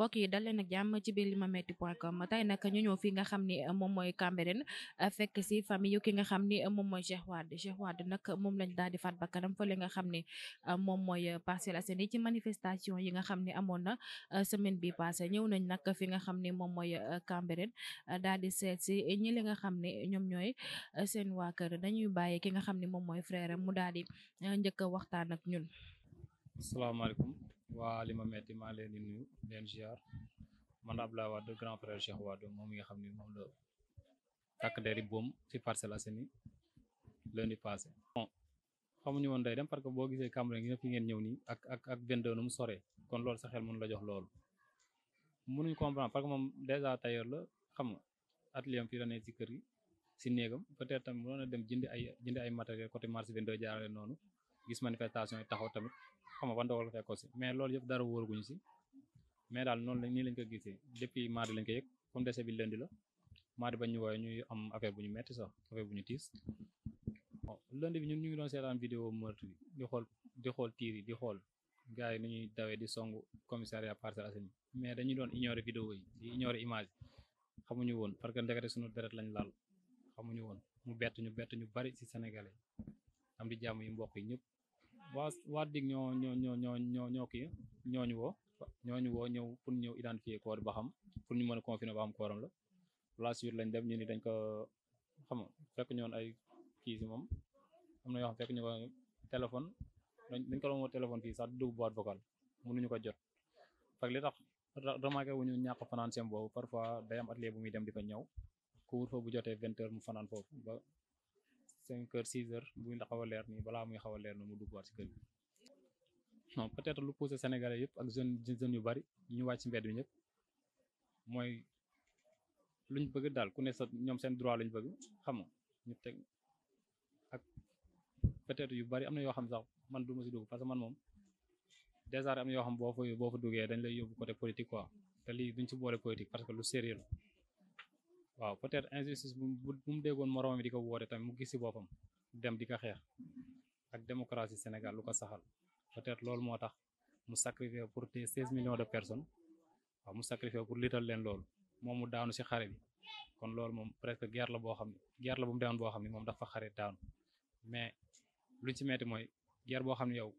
mbokk yi dal leen ak jàmm ci biir metti point com tey nag ñu ñëw fi nga xam ni euh, moom mooy Cambérène euh, fekk si famille yu ki nga xam ni euh, moom mooy Cheikh Wade Cheikh Wade nag moom lañ daal di faat bakkanam fële nga xam ni moom mooy Parcelles ci manifestation yi nga xam ni amoon na semaine bi passé ñëw nañ nag fi nga xam ni moom mooy Cambérène daal di seet si ñi li nga xam ne ñoom ñooy seen waa kër dañuy bàyyi ki nga xam ni moom frère mu daal di njëkk waxtaan ak ñun asalaamaaleykum wa limam ma metti maa leen di nuyu len ziar man Abdoulaye Wade grand frère Cheikh wad moom mi nga xam ni moom la takk deri boom fi Parcelles Assainies lundi passé. bon xamuñu won day dem parce que bo gisee cambre gi fi ngeen ñew ni ak ak ak vendeur nu mu kon lool sa xel mënu la jox loolu. mënuñ comprendre parce que mom déjà tailleur la xam nga atelier fi rané ci kër gi ci négam peut-être tam mënoon na dem jindi ay jindi ay matériel côté marché vendeur jaaré nonu gis manifestation yi taxaw tamit xam nga ban dogal la fekkoon si mais loolu yëpp dara wóoraguñu si mais daal noonu la nii lañ ko gisee depuis mardi lañ ko yëg comme décès bi lundi la mardi bañ ñu woowee ñuy am affaire bu ñu metti sax affaire bu ñu tiis bon lundi bi ñun ñu ngi doon seetaan vidéo meurtre bi di xool di xool tiir yi di xool gars yi ni ñuy dawee di song commissariat Parcelles Assainies mais dañu doon ignorer vidéo yi di image xamuñu woon parce que ndekete suñu deret lañ laal xamuñu woon mu bett ñu bett ñu bari si sénégalais am di jàmm yi mbokk yi ñëpp waa waa dig ñoo ñoo ñoo ñoo ñoo ñoo kii ñooñu woo ñooñu woo ñëw pour ñëw identifier koor ba xam pour ñu mën a confirmer ba xam kooram la la suite lañ dem ñu ni dañ ko xam fekk ñoon ay kii si moom am na yoo xam fekk ñu ko téléphone dañ ko doon woo téléphone fii sax di dugg boîte vocale mënuñu ko jot fekk li tax remarqué wuñu muy dem di ko ñëw couvre bu jotee vingt mu fanaan foofu cinq heures six heures buy xaw a leer nii balaa muy xaw a leer na mu duggaat ci kër gi non peut-être lu poussé sénégalais yëpp ak jeune jeunes yu bari ñu wàcc ci mbedd bi ñëpp mooy luñ bëgg daal ku ne sa ñoom seen droit lañ bëgg xam nga ñu teg ak peut-être yu bari am na yoo xam sax man du ma si dugg parce que man moom déjà am na yoo xam boo fa boo fa duggee dañ lay yóbbu côté politique quoi te lii duñ ci boole politique parce que lu sérieux waaw peut être injustice bu bu mu déggoon moroom mi di ko woote tamit mu gis si boppam dem di ko xeex ak démocratie Sénégal lu ko saxal peut être loolu moo tax mu sacrifier pour te seize millions de personnes waaw mu sacrifier pour lital leen loolu moom mu daanu si xare bi kon loolu moom presque guerre la boo xam ne guerre la bu mu demoon boo xam ne moom dafa xare daanu mais lu ci metti mooy guerre boo xam ne yow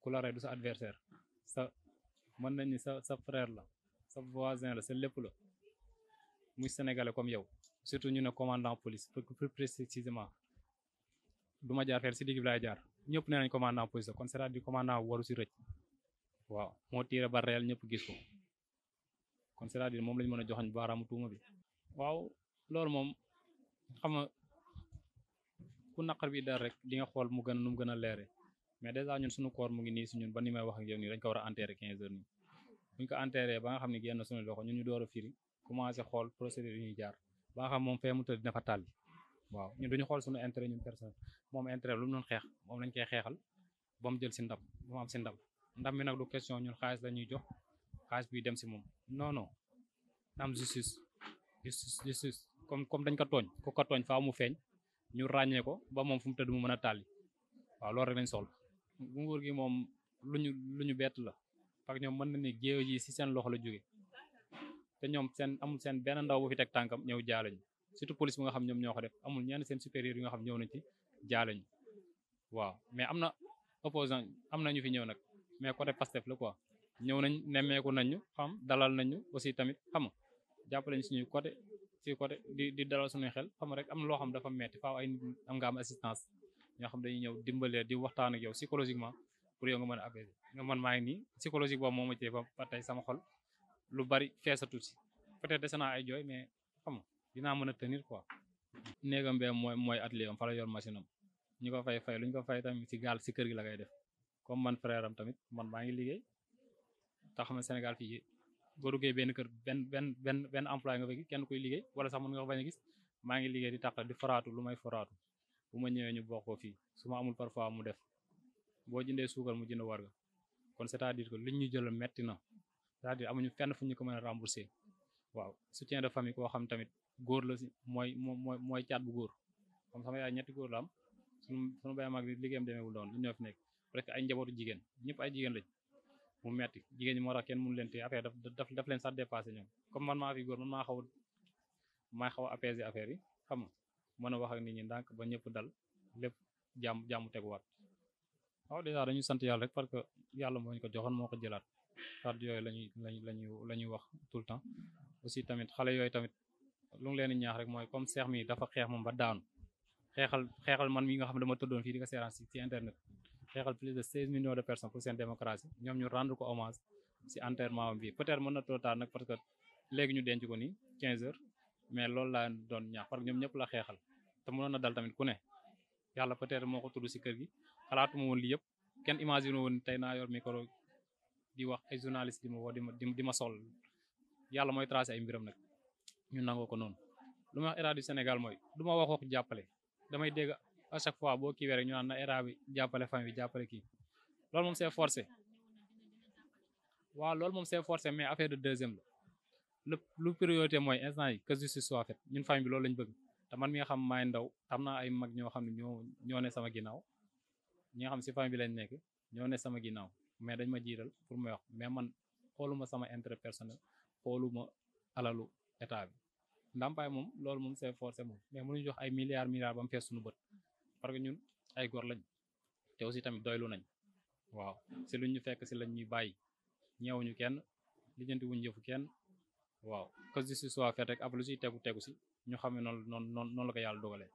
ku la rey du sa adversaire sa mën nañ ni sa sa frère la sa voisin la sa lépp la muy sénégalais comme yow surtout ñu né commandant police plus précisément duma jaar fer si digg bi jaar ñepp né nañ commandant police kon c'est est commandant waru ci recc waaw mo tiire ba réel ñepp gis ko kon c'est est à dire lañ mëna a joxañ baaraamu tuuma bi waaw lool mom xam nga ku naqar bi dal rek di nga xol mu gëna num gëna léré mais déjà ñun suñu koor mu ngi ni suñu ban ni may wax ak yow ni dañ ko wara enterrer 15h ni buñ ko enterrer ba nga xamni ne génn suñu loxo ñun ñu dooro firi commencé xool procédure yi ñuy jaar ba nga xam moom fee mu tëdd dina fa tàlli waaw ñun duñu xool suñu intérêt ñun personnel moom intérêt lu mu doon xeex moom lañ koy xeexal ba jël si ndam ba mu am si ndam ndam bi nag du question ñun xaalis la jox xaalis bi dem si moom non non am justice justice comme comme dañ ko tooñ ku ko tooñ faaw mu feeñ ñu ràññee ko ba moom fu mu tëdd mu mën a tàlli waaw loolu rek lañ soxla nguur gi moom luñu lu ñu bett la parce que ñoom mën na la jóge te ñoom seen amul seen benn ndaw bu fi teg tànkam ñëw jaalañ surtout police bi nga xam ñoom ñoo ko def amul ñenn seen supérieur yi nga xam ñëw nañ ci jaalañ waaw mais am na opposant am na ñu fi ñëw nag mais côté Pastef la quoi ñëw nañ nemmeeku nañ ñu xam dalal nañ ñu aussi tamit xam nga jàppale ñu suñuy côté si côté di di dalal suñuy xel xam rek am loo xam dafa metti faaw ay nit am nga am assistance ñoo xam dañuy ñëw dimbalee di waxtaan yow psychologiquement pour yow nga mën a apaiser nga man maa ngi nii psychologique boobu moo ma cee sama xol lu bari feesatul si peut-être dese naa ay jooy mais xam nga dinaa mën a tenir quoi. néegam bee mooy mooy atelier am fa ñu ko fay fay lu ñu ko fay tamit si gaal si kër gi la koy def comme man frère am tamit man maa ngi liggéey tax na Sénégal fii boo duggee benn kër benn benn benn benn emploi nga fekk kenn koy liggéey wala sax mën nga ko bañ gis maa ngi liggéey di tàq di faraatu lu may faraatu bu ma ñëwee ñu bokkoo fii su ma amul parfois mu def boo jëndee suukar mu jënd warga kon c'est-à-dire que na cest amuñu fenn fuñu ko mëna rembourser waaw soutien de famille ko xam tamit goor la moy moy moy chat bu goor comme sama yaay ñetti goor la am sunu sunu baye mag liggéeyam demeewul doon ñoo fi nek presque ay njabootu jigen ñëpp ay jigéen lañ mu metti jigen ñi mo ra kenn mënu leen té affaire daf daf daf leen sa dépasser ñom comme man ma fi goor man ma xaw ma xaw apaiser affaire yi xam nga mën wax ak nit ñi dank ba ñëpp dal lepp jam jam tegg wat aw dèjà dañu sant yalla rek parce que yalla moo ñu ko joxoon moko jëlat kàddu yooyu lañuy lañuy lañuy la wax tout le temps aussi tamit xale yooyu tamit lu ngi leen di ñaax rek mooy comme seex mi dafa xeex moom ba daanu xeexal xeexal man mi nga xam ne dama tëddoon fii di ko seeraan si ci internet xeexal plus de 16 millions de personnes pour seen démocratie ñoom ñu rendre ko hommage si enterrement bi peut-être mën na trop tard nag parce que léegi ñu denc ko nii mais loolu laa doon ñaax parce que ñoom ñëpp la xeexal te mënoon na dal tamit ku ne yàlla peut-être moo ko tudd si kër gi xalaatuma woon lii yëpp kenn imagine woon tey di wax ay journaliste di ma woo ma di ma sol yàlla mooy tracé ay mbiram nag ñu nangoo ko noonu lu ma wax état Sénégal mooy du ma wax wax jàppale damay dégg à chaque fois boo kiiwee rek ñu naan na état bi jàppale famille bi jàppale kii loolu moom c'est forcé waaw loolu moom c'est forcé mais affaire de deuxième la lu priorité mooy instant yi que justice soit ñun famille bi loolu lañ bëgg te man mi xam maay ndaw xam naa ay mag ñoo xam ne ñoo ñoo ne sama ginnaaw ñi xam si famille bi lañ nekk ñoo ne sama ginnaaw mais dañ ma jiital pour ma wax mais man xooluma sama intérêt personnel xooluma alalu état bi ndàmpaay moom loolu moom se forcé moom mais mënuñu jox ay milliards milliards ba mu fees suñu bët parce que ñun ay góor lañ te aussi tamit doylu nañ waaw si lu ñu fekk si lañ ñuy bàyyi ñeewuñu kenn lijjanti wuñ jëfu kenn waaw que justice soit faite rek après lu siy tegu tegu si ñu xam ne noonu noonu noonu la ko yàlla dogalee